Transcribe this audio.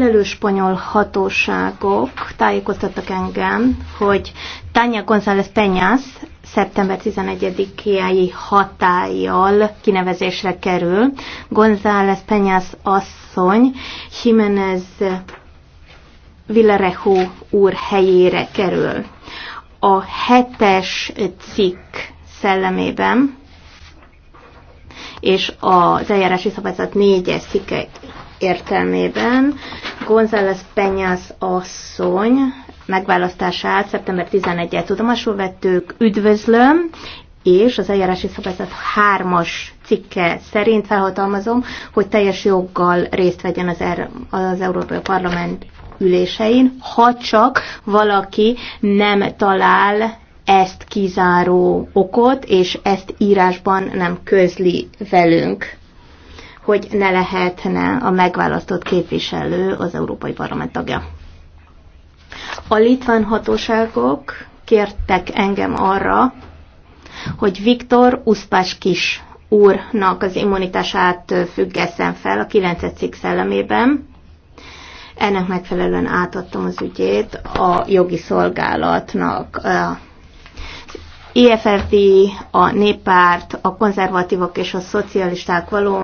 felelős spanyol hatóságok tájékoztattak engem, hogy Tanya González Penyász szeptember 11-i hatállyal kinevezésre kerül. González Penyász asszony Jiménez Villarejo úr helyére kerül. A hetes cikk szellemében és az eljárási szabályzat négyes cikke értelmében González Penyász asszony megválasztását szeptember 11-et tudomásul vettük. Üdvözlöm, és az eljárási szabályzat hármas cikke szerint felhatalmazom, hogy teljes joggal részt vegyen az, er- az Európai Parlament ülésein, ha csak valaki nem talál ezt kizáró okot, és ezt írásban nem közli velünk hogy ne lehetne a megválasztott képviselő az Európai Parlament tagja. A litván hatóságok kértek engem arra, hogy Viktor Uszpás Kis úrnak az immunitását függeszem fel a 9. cikk szellemében. Ennek megfelelően átadtam az ügyét a jogi szolgálatnak. IFFD, e a néppárt, a konzervatívok és a szocialisták való